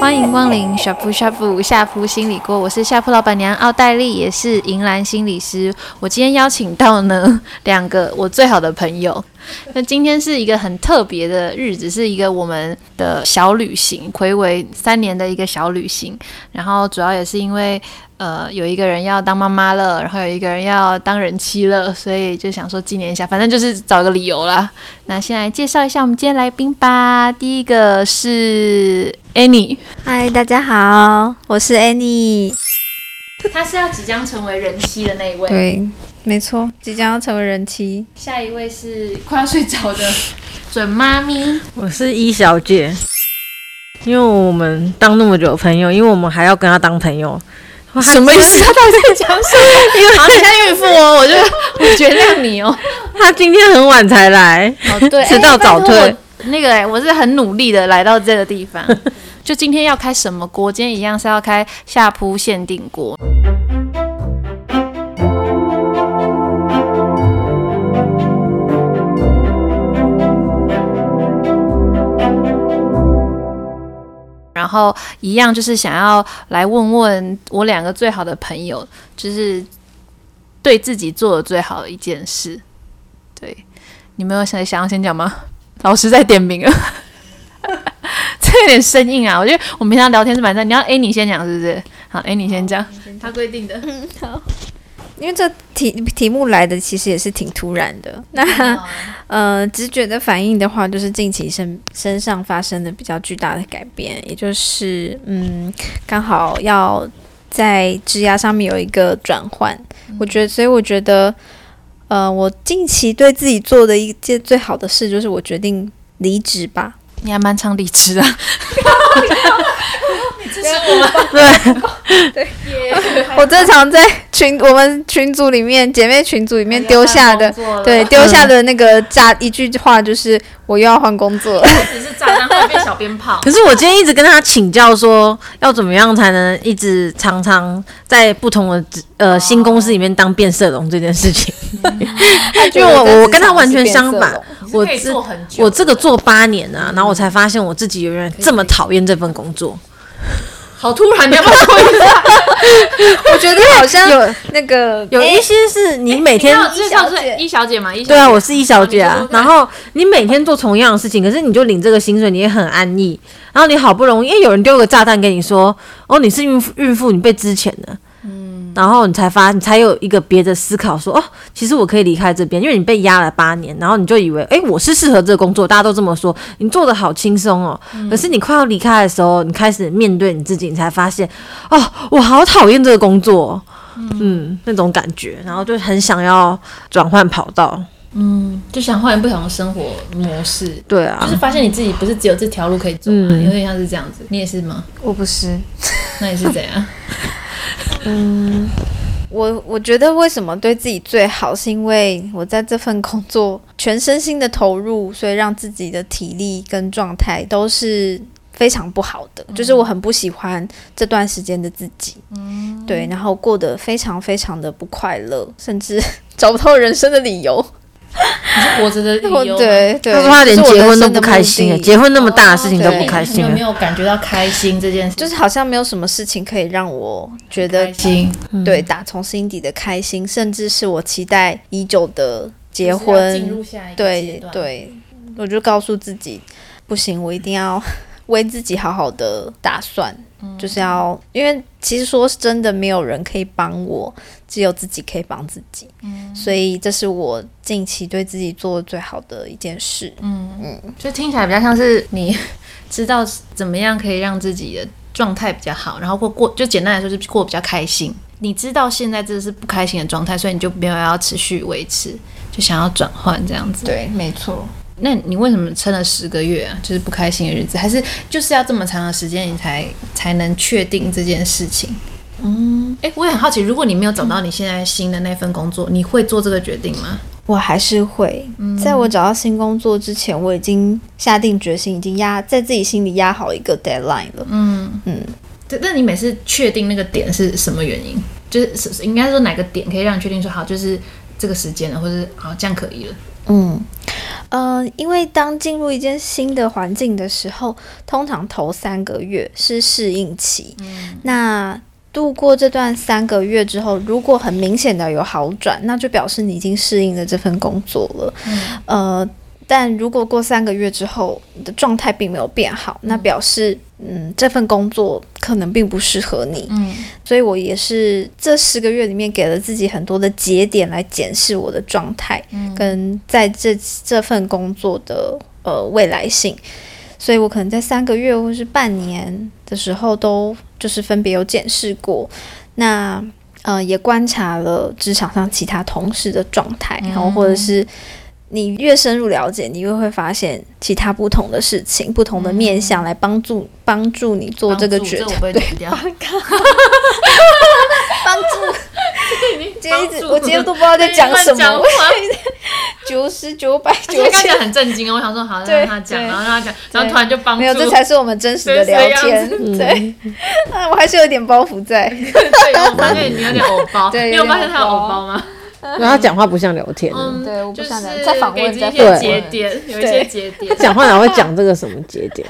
歡迎光臨，夏噗夏噗夏噗心理鍋，我是夏噗老闆娘奧黛麗，也是銀蘭心理師。我今天邀請到呢兩個我最好的朋友。那今天是一個很特別的日子，是一個我們的小旅行，暌違三年的一個小旅行。然後主要也是因為，呃，有一個人要當媽媽了，然後有一個人要當人妻了，所以就想說紀念一下，反正就是找個理由啦。那先來介紹一下我們今天來賓吧。第一個是 Annie，嗨，Hi, 大家好，我是 Annie，她是要即將成為人妻的那一位，對。沒錯，即將要成為人妻。下一位是快要睡着的 準媽咪。我是 E 小姐，因為我們當那麼久的朋友，因為我們還要跟她當朋友。什麼意思？她到底在講什麼？因為好，你家孕婦哦、喔， 我就我原諒你哦、喔。他今天很晚才來，哦對，遲、欸、到早退。那個哎、欸，我是很努力的來到這個地方。 就今天要開什麼鍋？今天一樣是要開夏噗限定鍋。然後一樣，就是想要來問問我兩個最好的朋友，就是對自己做的最好的一件事。對，你們有想想要先講嗎？老師在點名啊， 這有點生硬啊。我覺得我們平常聊天是蠻讚，你要 a 你先講是不是？好，a 好你先講先，他規定的。嗯、好。因為這題題目來的其實也是挺突然的，那、哦、呃直覺的反應的話，就是近期身身上發生的比較巨大的改變，也就是嗯剛好要在職涯上面有一個轉換，嗯、我覺得所以我覺得呃我近期對自己做的一件最好的事，就是我決定離職吧。你還蠻常離職啊。 對，我正常在群，我們群組裡面，姐妹群組裡面丟下的，對，丟下的那個炸，一句話就是我又要換工作了，只是炸彈變小鞭炮。可是我今天一直跟他請教說要怎麼樣才能一直常常在不同的呃新公司裡面當變色龍這件事情，因為我我跟他完全相反，我這我這個做八年啊，然後我才發現我自己原來這麼討厭這份工作。好突然你要不要說一下？ 我覺得好像有那個有一些是你每天、欸欸、你 E 小姐是 E 小姐嘛，E 小姐對啊，我是 E 小姐。啊，啊然後你每天做同樣的事情，可是你就領這個薪水，你也很安逸。然後你好不容易因為有人丟個炸彈給你說，哦，你是孕孕婦，你被資遣了。嗯，然後你才發，你才有一個別的思考說，說哦，其實我可以離開這邊，因為你被壓了八年，然後你就以為，哎，我是適合這個工作，大家都這麼說，你做得好輕鬆哦。可、嗯、是你快要離開的時候，你開始面對你自己，你才發現，哦，我好討厭這個工作，嗯、嗯，那種感覺，然後就很想要轉換跑道，嗯，就想換一不同的生活模式，對啊，就是發現你自己不是只有這條路可以走，啊，有點、嗯、像是這樣子，你也是嗎？我不是，那你是怎樣？ 嗯，我我覺得為什麼對自己最好，是因為我在這份工作全身心的投入，所以讓自己的體力跟狀態都是非常不好的，就是我很不喜歡這段時間的自己，嗯，對，然後過得非常非常的不快樂，甚至找不到人生的理由。是活着的理由對，對對，可是他說他連結婚都不開心，結婚那麼大的事情都不開心，有、oh, 對沒有感覺到開心這件事？就是好像沒有什麼事情可以讓我覺得開心，嗯、對，打從心底的開心，甚至是我期待已久的結婚，進入下一個階段，對對，我就告訴自己，不行，我一定要為自己好好的打算。就是要，因為其實說是真的，沒有人可以幫我，只有自己可以幫自己。嗯，所以這是我近期對自己做最好的一件事。嗯嗯，就聽起來比較像是你知道怎麼樣可以讓自己的狀態比較好，然後過過就簡單來說就是過比較開心。你知道現在這是不開心的狀態，所以你就沒有要持續維持，就想要轉換這樣子。對，沒錯。那你為什麼撐了十個月啊？就是不開心的日子，還是就是要這麼長的時間你才才能確定這件事情？嗯，誒、欸，我也很好奇，如果你沒有找到你現在新的那份工作，嗯、你會做這個決定嗎？我還是會，嗯、在我找到新工作之前，我已經下定決心，已經壓在自己心裡壓好一個 deadline 了。嗯嗯，嗯對，那你每次確定那個點是什麼原因？嗯、就是應該說哪個點可以讓你確定說好，就是這個時間了，或是好這樣可以了。嗯。嗯、呃，因為當進入一間新的環境的時候，通常頭三個月是適應期。嗯、那度過這段三個月之後，如果很明顯的有好轉，那就表示你已經適應了這份工作了。嗯、呃。但如果過三個月之後，你的狀態並沒有變好，那表示，嗯，嗯，這份工作可能並不適合你。嗯，所以我也是這十個月裡面給了自己很多的節點來檢視我的狀態，嗯，跟在這這份工作的呃未來性。所以我可能在三個月或是半年的時候，都就是分別有檢視過。那呃，也觀察了職場上其他同事的狀態，嗯，然後或者是。你越深入了解，你越會發現其他不同的事情、不同的面向來幫助幫助你做這個決定。對，幫助，我今天都不知道在講什麼。九十九百九千，很震驚，我想說，好，讓他講，然後讓他講，然後突然就幫助。沒有，這才是我們真實的聊天。對，我還是有點包袱在。對，我發現你有點偶包。對，你有發現他有偶包嗎？然後他講話不像聊天，嗯，對，就是在訪問這些節點，對有一些節點。對 他講話哪會講這個什麼節點？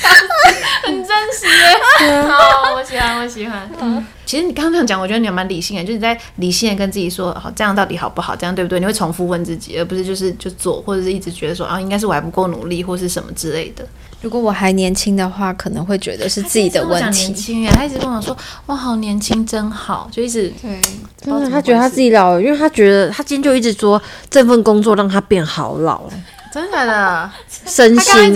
很真實耶，好，我喜歡，我喜歡。嗯，嗯其實你剛剛這樣講，我覺得你還蠻理性的，就是你在理性的跟自己說，好、哦，這樣到底好不好？這樣對不對？你會重複問自己，而不是就是就做，或者是一直覺得說啊、哦，應該是我還不夠努力，或是什麼之類的。如果我還年輕的話，可能會覺得是自己的問題。啊、他一直跟我說：“哇，好年輕，真好。”就一直對，他覺得他自己老了，因為他覺得他今天就一直說這份工作讓他變好老。真的的，他剛才一直跟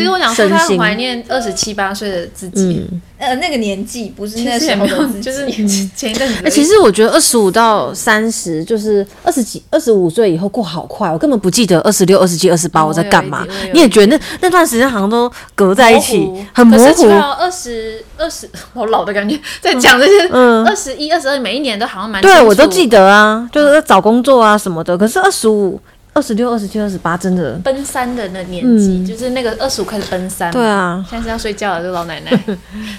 我講說他懷念二十七八歲的自己，呃，那個年紀不是那個什麼年紀，就是年紀前一個。哎，其實我覺得二十五到三十，就是二十幾、二十五歲以後過好快，我根本不記得二十六、二十七、二十八我在幹嘛。你也覺得那那段時間好像都隔在一起，很模糊。二十二十，好老的感覺在講這些二十一、二十二，每一年都好像蠻。對，我都記得啊，就是找工作啊什麼的。可是二十五。二十六、二十七、二十八，真的奔三的那年紀，就是那個二十五開始奔三。對啊，現在是要睡覺了，這個老奶奶。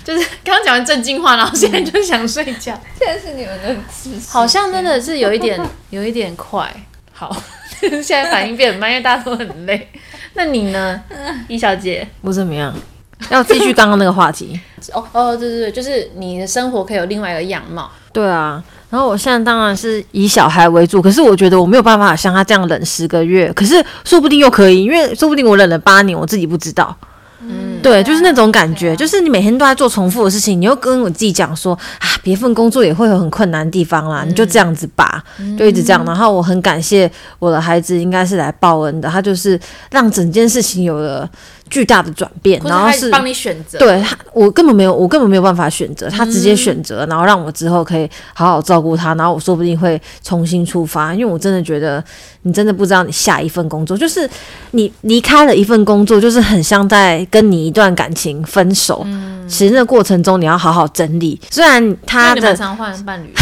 就是剛剛講完正經話，然後現在就想睡覺。現在是你們的好像真的是有一點，有一點快。好，現在反應變慢，因為大家都很累。那你呢，E 小姐？我怎麼樣？要繼續剛剛那個話題？哦哦對對對，就是你的生活可以有另外一個樣貌。對啊。然後我現在當然是以小孩為主，可是我覺得我沒有辦法像他這樣忍十個月，可是說不定又可以，因為說不定我忍了八年，我自己不知道。嗯，對，就是那種感覺，啊、就是你每天都在做重複的事情，你又跟我自己講說啊，別份工作也會有很困難的地方啦，嗯、你就這樣子吧，就一直這樣。然後我很感謝我的孩子，應該是來報恩的，他就是讓整件事情有了巨大的轉變，然後是幫你選擇。對他，我根本沒有，我根本沒有辦法選擇，他直接選擇，然後讓我之後可以好好照顧他，然後我說不定會重新出發，因為我真的覺得你真的不知道你下一份工作，就是你離開了一份工作，就是很像在跟你一段感情分手。嗯，其實那過程中你要好好整理，雖然他的常換伴侶。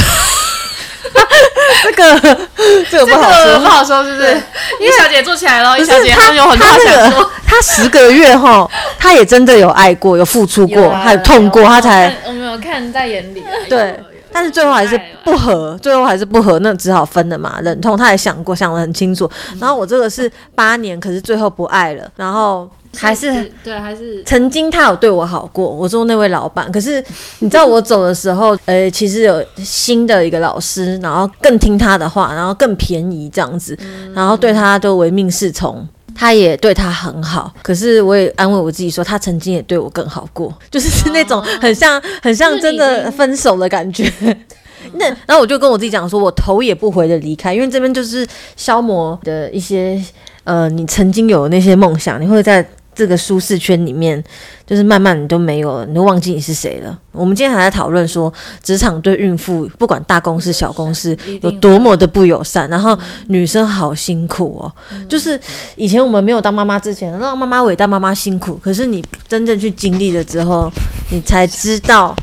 這個這個不好說，不好說，是不是？E 小姐坐起來了，E 小姐她有很多話想說。她十個月後，她也真的有愛過，有付出過，還有痛過，她才我沒有看在眼裡。對，但是最後還是不和，最後還是不和，那只好分了嘛。忍痛，她也想過，想得很清楚。然後我這個是八年，可是最後不愛了，然後。還是對，還是曾經他有對我好過，我說那位老闆。可是你知道我走的時候，呃，其實有新的一個老師，然後更聽他的話，然後更便宜這樣子，然後對他都唯命是從，他也對他很好。可是我也安慰我自己說，他曾經也對我更好過，就是那種很像很像真的分手的感覺。那然後我就跟我自己講說，我頭也不回的離開，因為這邊就是消磨的一些呃，你曾經有的那些夢想，你會在這個舒適圈裡面，就是慢慢你都沒有了，你都忘記你是誰了。我們今天還在討論說，職場對孕婦，不管大公司小公司，有多麼的不友善，然後女生好辛苦哦。嗯、就是以前我們沒有當媽媽之前，讓媽媽偉大，媽媽辛苦。可是你真正去經歷了之後， 你才知道，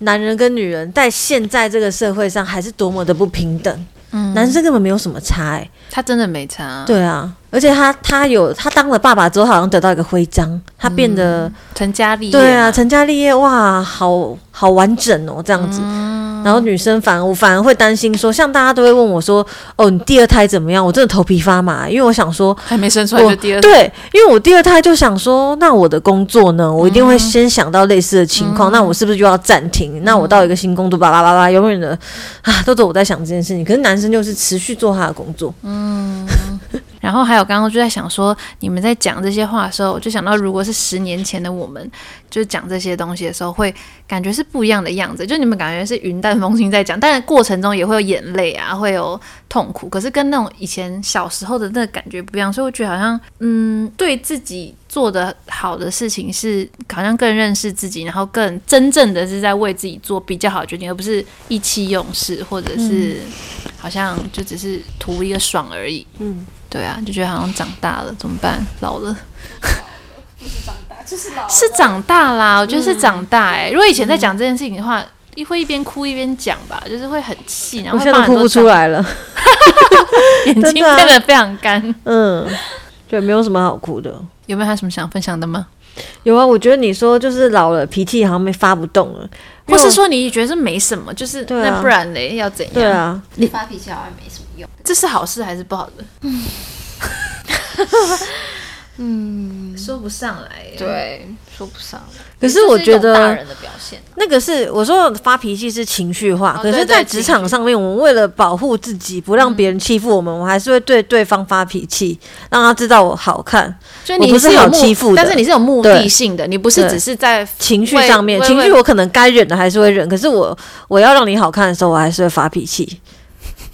男人跟女人在現在這個社會上還是多麼的不平等。嗯、男生根本沒有什麼差、欸、他真的沒差啊。對啊。而且他他有他當了爸爸之後，好像得到一個徽章，嗯、他變得成家立業。對啊，成家立業，哇，好好完整哦，這樣子。嗯、然後女生反而我反而會擔心說，說像大家都會問我說：“哦，你第二胎怎麼樣？”我真的頭皮發麻，因為我想說還沒生出來就第二胎我對，因為我第二胎就想說，那我的工作呢？我一定會先想到類似的情況，嗯、那我是不是就要暫停？嗯、那我到一個新工作，叭叭叭叭，永遠的啊，都只有，我在想這件事情。可是男生就是持續做他的工作，嗯。 然後還有，剛剛就在想說，你們在講這些話的時候，我就想到如果是十年前的我們，就講這些東西的時候，會感覺是不一樣的樣子。就你們感覺是雲淡風輕在講，但是過程中也會有眼淚啊，會有痛苦。可是跟那種以前小時候的那個感覺不一樣，所以我覺得好像，嗯，對自己做的好的事情是好像更認識自己，然後更真正的是在為自己做比較好的決定，而不是意氣用事，或者是好像就只是圖一個爽而已。嗯。嗯對啊，就覺得好像長大了，怎麼辦？老了，不是，老不是長大，就是老，是長大啦。我覺得是長大哎、欸。嗯、如果以前在講這件事情的話，嗯、一會一邊哭一邊講吧，就是會很氣，然後。我現在哭不出來了， 眼睛變得非常乾、啊。嗯，對，沒有什麼好哭的。 有沒有還有什麼想分享的嗎？有啊，我覺得你說就是老了脾氣好像沒發不動了，或是說你覺得這沒什麼，就是、啊、那不然嘞，要怎樣？對啊，你發脾氣好像沒什麼用，這是好事還是不好的？嗯。 嗯，說不上來。對，說不上來。可是我覺得大人的表現，那個是我說發脾氣是情緒化。可是，在職場上面，我們為了保護自己，不讓別人欺負我們，我還是會對對方發脾氣，讓他知道我好看。你不是好欺負的，但是你是有目的性的，你不是只是在情緒上面。情緒我可能該忍的還是會忍，可是我我要讓你好看的時候，我還是會發脾氣。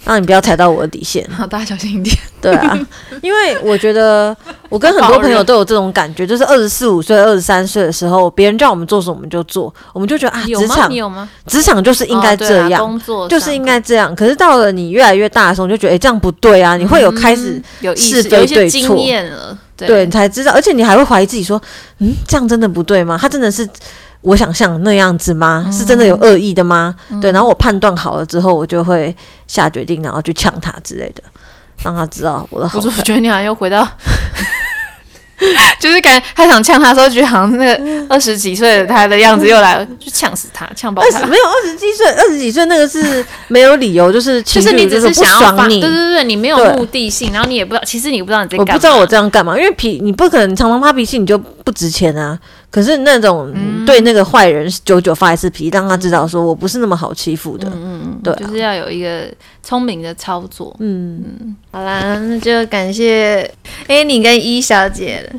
讓、啊、你不要踩到我的底線，好，大家小心一點。對啊， 因為我覺得我跟很多朋友都有這種感覺，就是二十四五歲、二十三歲的時候，別人叫我們做什麼我們就做，我們就覺得啊，職嗎場職場就是應該這樣，哦啊、工作就是應該這樣。可是到了你越來越大的時候，你就覺得哎、欸，這樣不對啊！你會有開始對對、嗯、有意識、有一些經驗了，對，對你才知道，而且你還會懷疑自己說，嗯，這樣真的不對嗎？他真的是。我想象那樣子嗎？嗯、是真的有惡意的嗎？嗯、對，然後我判斷好了之後，我就會下決定，然後去嗆他之類的，讓他知道我的好。不是，我覺得你好像又回到， 就是感覺他想嗆他的時候，覺得好像那個二十幾歲的他的樣子又來了，嗯、就嗆死他，嗆爆他。沒有二十幾歲，二十幾歲那個是沒有理由， 就是就是,不就是你只是想要發，對對對，你沒有目的性，對然後你也不知道，其實你不知道你在幹嘛。我不知道我這樣幹嘛，因為脾你不可能常常發脾氣，你就不值錢啊。可是那種對那個壞人，久久發一次脾氣，讓他知道說我不是那麼好欺負的，對，就是要有一個聰明的操作。嗯，好啦，那就感謝 Annie 跟 E 小姐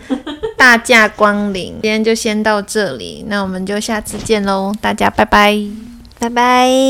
大駕光臨，今天就先到這裡，那我們就下次見嘍，大家拜拜，拜拜。